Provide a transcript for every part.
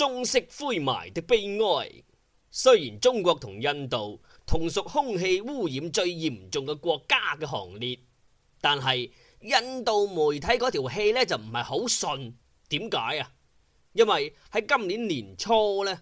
中式灰霾的悲哀。雖然中國同印度同屬空氣污染最嚴重嘅國家嘅行列，但係印度媒體嗰條氣呢就唔係好順。點解啊？因為喺今年年初呢，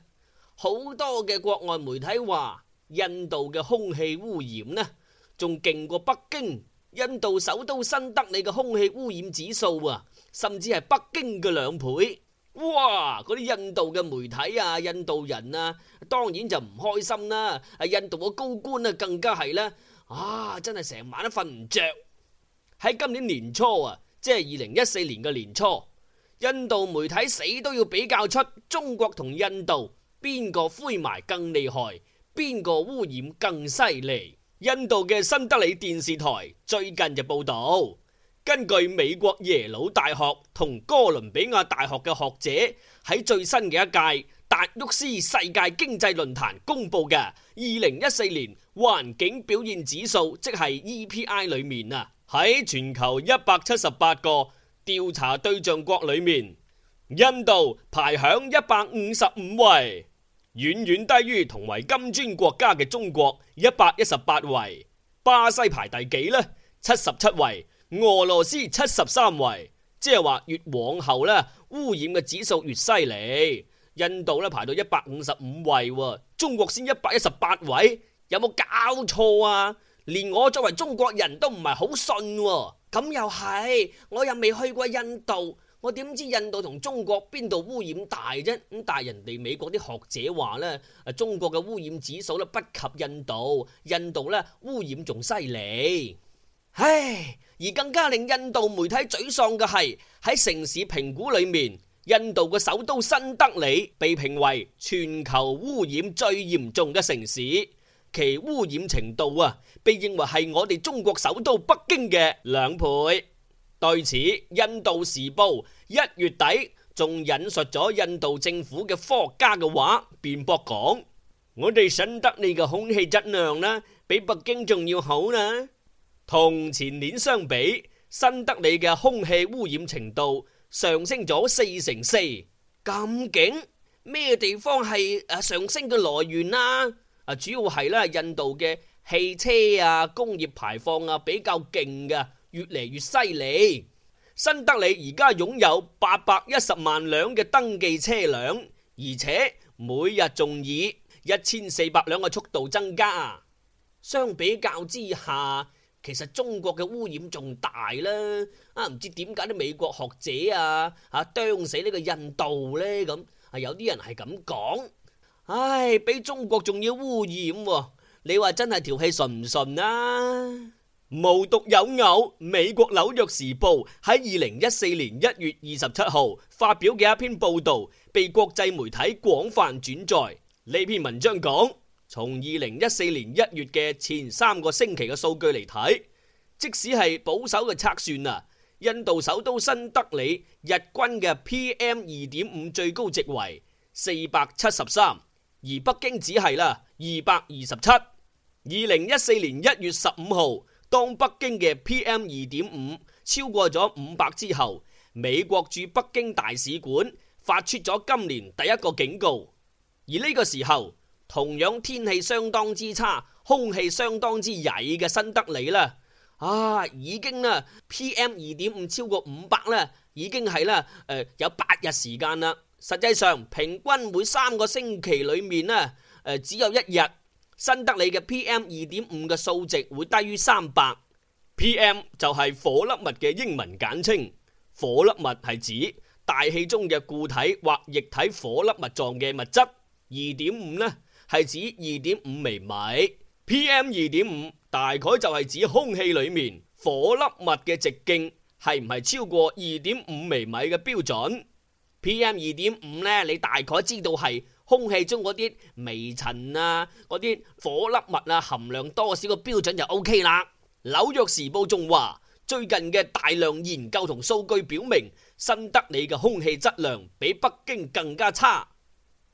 好多嘅國外媒體話印度嘅空氣污染呢，仲勁過北京。印度首都新德里嘅空氣污染指數啊，甚至係北京嘅兩倍。哇！嗰啲印度嘅媒體啊，印度人啊，當然就唔開心啦。啊，印度嘅高官啊，更加係啦。啊，真係成晚都瞓唔着。喺今年年初啊，即係二零一四年嘅年初，印度媒體死都要比較出中國同印度邊個灰霾更厲害，邊個污染更犀利。印度嘅新德里電視台最近就報道。根據美國耶魯大學同哥倫比亞大學嘅學者喺最新嘅一屆達沃斯世界經濟論壇公布嘅二零一四年環境表現指數，即係 EPI 裏面啊，喺全球一百七十八個調查對象國裏面，印度排響一百五十五位，遠遠低於同為金磚國家嘅中國一百一十八位。巴西排第幾呢？七十七位。俄羅斯七十三位，即係話越往後咧，污染嘅指數越犀利。印度咧排到一百五十五位，中國先一百一十八位，有冇搞錯啊？連我作為中國人都唔係好信。咁又係，我又未去過印度，我點知印度同中國邊度污染大啫？咁但係人哋美國啲學者話咧，中國嘅污染指數咧不及印度，印度咧污染仲犀利，唉。而更加令印度媒體沮喪嘅係，喺城市評估裏面，印度嘅首都新德里被評為全球污染最嚴重嘅城市，其污染程度啊，被認為係我哋中國首都北京嘅兩倍。對此，印度時報一月底仲引述咗印度政府嘅科學家嘅話，辯駁講：我哋新德里嘅空氣質量呢，比北京仲要好呢。同前年相比，新德里嘅空氣污染程度上升咗四成四，咁勁咩地方係上升嘅來源啊？主要係啦，印度嘅汽車啊、工業排放啊比較勁嘅，越嚟越犀利。新德里而家擁有八百一十萬輛嘅登記車輛，而且每日仲以一千四百輛嘅速度增加。相比較之下。其實中國嘅污染仲大啦，啊唔知點解啲美國學者啊吓、啊、死呢個印度呢？咁、啊，啊有啲人係咁講，唉、哎、比中國仲要污染，啊，你話真係條氣順唔順啦？無獨有偶，美國紐約時報喺二零一四年一月二十七號發表嘅一篇報道，被國際媒體廣泛轉載。呢篇文章講。從二零一四年一月嘅前三個星期嘅數據嚟睇，即使係保守嘅測算啊，印度首都新德里日均嘅 PM 二點五最高值為四百七十三，而北京只係啦二百二十七。二零一四年一月十五號，當北京嘅 PM 二點五超過咗五百之後，美國駐北京大使館發出咗今年第一個警告，而呢個時候。同樣天氣相當之差，空氣相當之曳嘅新德里啦，啊，已經啦，PM 二點五超過五百咧，已經係啦，誒，有八日時間啦。實際上平均每三個星期裏面咧，誒，只有一日新德里嘅 PM 二點五嘅數值會低於三百。PM 就係顆粒物嘅英文簡稱，顆粒物係指大氣中嘅固體或液體顆粒物狀嘅物質。二點五咧。係指二點五微米，PM 二點五大概就係指空氣裡面顆粒物嘅直徑係唔係超過二點五微米嘅標準。PM 二點五呢，你大概知道係空氣中嗰啲微塵啊、嗰啲顆粒物啊含量多少嘅標準就 OK 啦。紐約時報仲話，最近嘅大量研究同數據表明，新德里嘅空氣質量比北京更加差。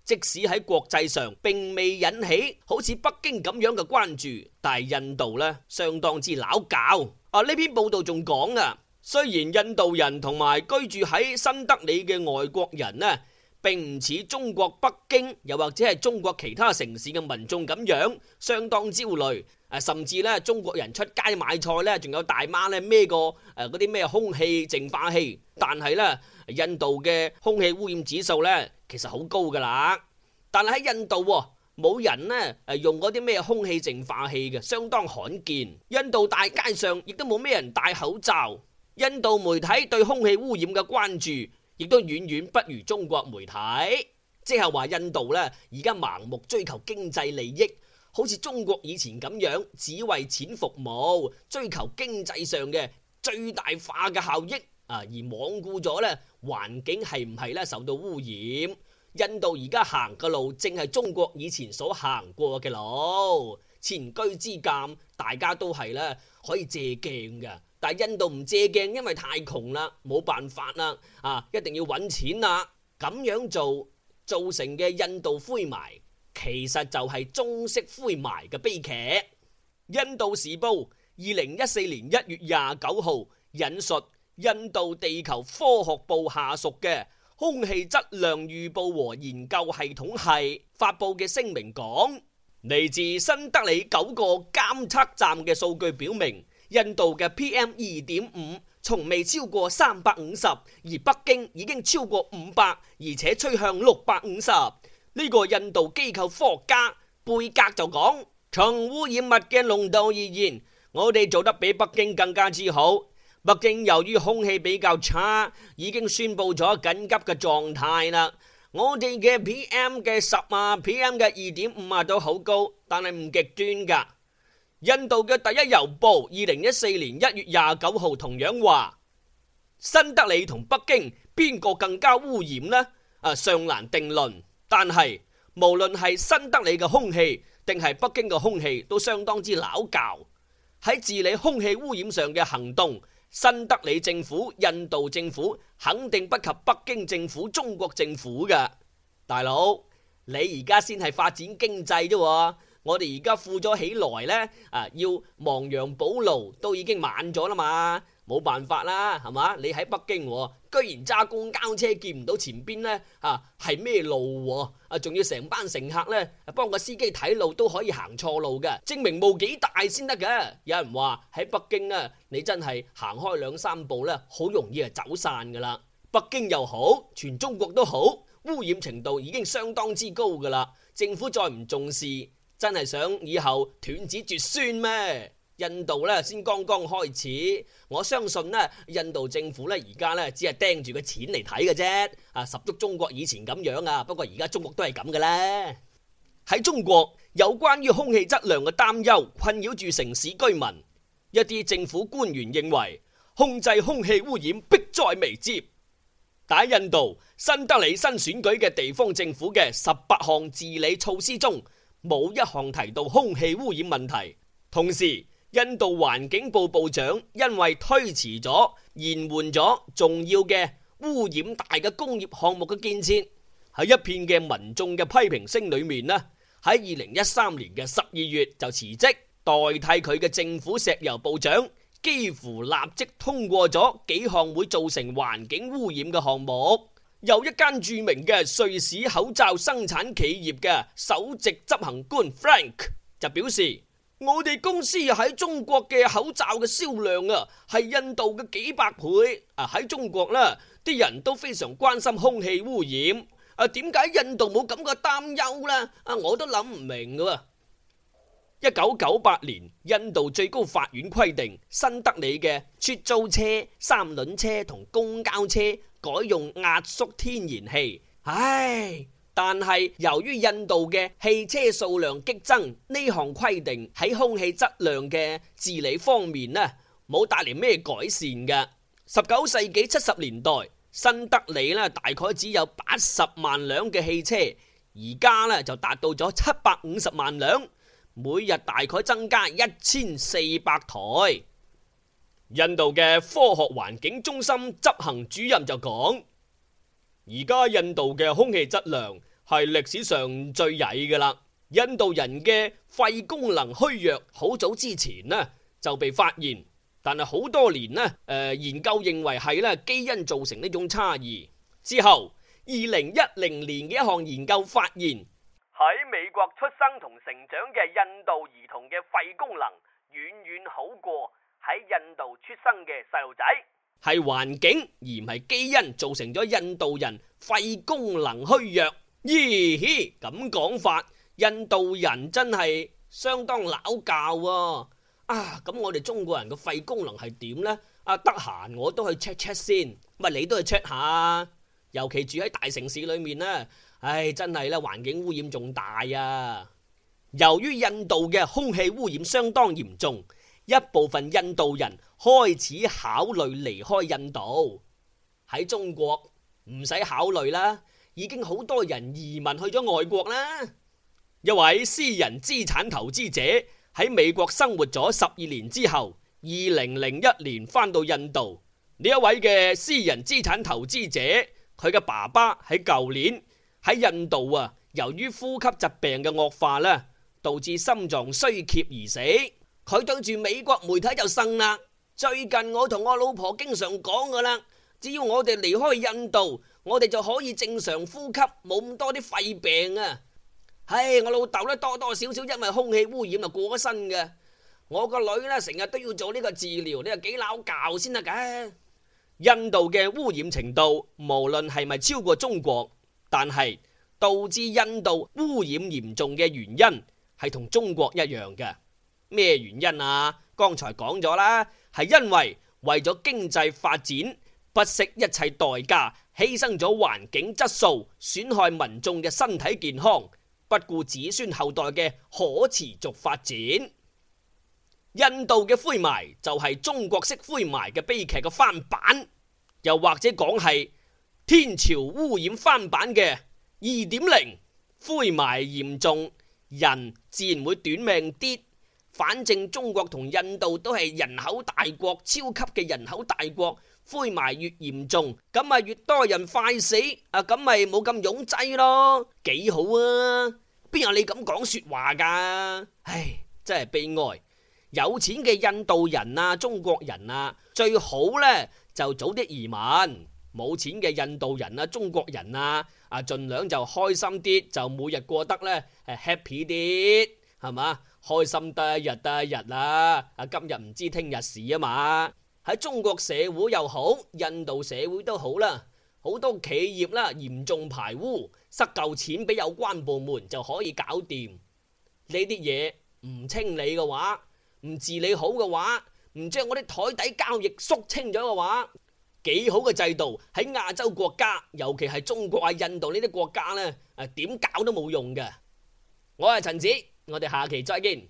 即使喺國際上並未引起好似北京咁樣嘅關注，但係印度呢，相當之攪搞。啊，呢篇報道仲講啊，雖然印度人同埋居住喺新德里嘅外國人呢，並唔似中國北京又或者係中國其他城市嘅民眾咁樣相當焦慮。誒甚至咧，中國人出街買菜咧，仲有大媽咧，孭個誒嗰啲咩空氣淨化器，但係咧印度嘅空氣污染指數咧其實好高㗎喇，但係喺印度冇人咧誒用嗰啲咩空氣淨化器嘅，相當罕見。印度大街上亦都冇咩人戴口罩，印度媒體對空氣污染嘅關注亦都遠遠不如中國媒體，即係話印度咧而家盲目追求經濟利益。好似中國以前咁樣，只為錢服務，追求經濟上嘅最大化嘅效益啊，而罔顧咗咧環境係唔係咧受到污染。印度而家行嘅路正係中國以前所行過嘅路，前車之鑒，大家都係咧可以借鏡嘅。但係印度唔借鏡，因為太窮啦，冇辦法啦，啊，一定要揾錢啦，咁樣做造成嘅印度灰霾。其實就係中式灰霾嘅悲劇。印度時報二零一四年一月廿九號引述印度地球科學部下屬嘅空氣質量預報和研究系統系，統系發布嘅聲明講，嚟自新德里九個監測站嘅數據表明，印度嘅 PM 二點五從未超過三百五十，而北京已經超過五百，而且趨向六百五十。呢個印度機構科學家貝格就講，從污染物嘅濃度而言，我哋做得比北京更加之好。北京由於空氣比較差，已經宣布咗緊急嘅狀態啦。我哋嘅 PM 嘅十啊，PM 嘅二點五啊都好高，但係唔極端噶。印度嘅第一郵報二零一四年一月廿九號同樣話，新德里同北京邊個更加污染呢？啊，尚難定論。但係，無論係新德里嘅空氣定係北京嘅空氣，都相當之老舊。喺治理空氣污染上嘅行動，新德里政府、印度政府肯定不及北京政府、中國政府嘅。大佬，你而家先係發展經濟啫，我哋而家富咗起來呢，啊，要亡羊補牢都已經晚咗啦嘛。冇辦法啦，係嘛？你喺北京，居然揸公交車見唔到前邊呢？嚇係咩路？啊，仲、啊啊、要成班乘客呢，幫個司機睇路都可以行錯路嘅，證明霧幾大先得嘅。有人話喺北京啊，你真係行開兩三步呢，好容易啊走散噶啦。北京又好，全中國都好，污染程度已經相當之高噶啦。政府再唔重視，真係想以後斷子絕孫咩？印度咧先剛剛開始，我相信呢，印度政府呢，而家呢，只係盯住個錢嚟睇嘅啫，啊十足中國以前咁樣啊，不過而家中國都係咁嘅啦。喺中國有關於空氣質量嘅擔憂困擾住城市居民，一啲政府官員認為控制空氣污染迫在眉睫。但係印度新德里新選舉嘅地方政府嘅十八項治理措施中，冇一項提到空氣污染問題，同時。印度環境部部長因為推遲咗、延緩咗重要嘅污染大嘅工業項目嘅建設，喺一片嘅民眾嘅批評聲裏面呢，喺二零一三年嘅十二月就辭職，代替佢嘅政府石油部長幾乎立即通過咗幾項會造成環境污染嘅項目。有一間著名嘅瑞士口罩生產企業嘅首席執行官 Frank 就表示：我哋公司喺中國嘅口罩嘅銷量啊，係印度嘅幾百倍啊！喺中國啦，啲人都非常關心空氣污染啊，點解印度冇咁嘅擔憂呢？啊，我都諗唔明嘅。一九九八年，印度最高法院規定，新德里嘅出租車、三輪車同公交車改用壓縮天然氣。唉。但係由於印度嘅汽車數量激增，呢項規定喺空氣質量嘅治理方面呢，冇帶嚟咩改善㗎。十九世紀七十年代，新德里呢大概只有八十萬輛嘅汽車，而家呢就達到咗七百五十萬輛，每日大概增加一千四百台。印度嘅科學環境中心執行主任就講。而家印度嘅空氣質量係歷史上最曳㗎喇，印度人嘅肺功能虛弱好早之前呢就被發現，但係好多年呢，誒、呃、研究認為係啦基因造成呢種差異。之後二零一零年嘅一項研究發現，喺美國出生同成長嘅印度兒童嘅肺功能遠遠好過喺印度出生嘅細路仔。係環境而唔係基因造成咗印度人肺功能虛弱。咦，咁講法，印度人真係相當老教喎。啊，咁我哋中國人嘅肺功能係點呢？啊，得閒我都去 check check 先，咪你都去 check 下。尤其住喺大城市裏面呢，唉，真係咧，環境污染仲大啊。由於印度嘅空氣污染相當嚴重，一部分印度人開始考慮離開印度，喺中國唔使考慮啦，已經好多人移民去咗外國啦。一位私人資產投資者喺美國生活咗十二年之後，二零零一年翻到印度。呢一位嘅私人資產投資者，佢嘅爸爸喺舊年喺印度啊，由於呼吸疾病嘅惡化啦，導致心臟衰竭而死。佢對住美國媒體就呻啦。最近我同我老婆經常講噶啦，只要我哋離開印度，我哋就可以正常呼吸，冇咁多啲肺病啊！唉，我老豆呢，多多少少因為空氣污染啊，過咗身嘅。我個女呢成日都要做呢個治療，你又幾拗教先得嘅。印度嘅污染程度無論係咪超過中國，但係導致印度污染嚴重嘅原因係同中國一樣嘅。咩原因啊？剛才講咗啦，係因為為咗經濟發展，不惜一切代價，犧牲咗環境質素，損害民眾嘅身體健康，不顧子孫後代嘅可持續發展。印度嘅灰霾就係中國式灰霾嘅悲劇嘅翻版，又或者講係天朝污染翻版嘅二點零，灰霾嚴重，人自然會短命啲。反正中國同印度都係人口大國，超級嘅人口大國，灰霾越嚴重，咁咪越多人快死，啊咁咪冇咁擁擠咯，幾好啊！邊有你咁講説話噶？唉，真係悲哀。有錢嘅印度人啊、中國人啊，最好呢就早啲移民；冇錢嘅印度人啊、中國人啊，啊儘量就開心啲，就每日過得呢誒 happy 啲，係嘛？開心得一日得一日啦！啊，今日唔知聽日事啊嘛！喺中國社會又好，印度社會都好啦，好多企業啦嚴重排污，塞夠錢俾有關部門就可以搞掂呢啲嘢。唔清理嘅話，唔治理好嘅話，唔將我啲台底交易肅清咗嘅話，幾好嘅制度喺亞洲國家，尤其係中國啊、印度呢啲國家呢，誒點搞都冇用嘅。我係陳子。我哋下期再見。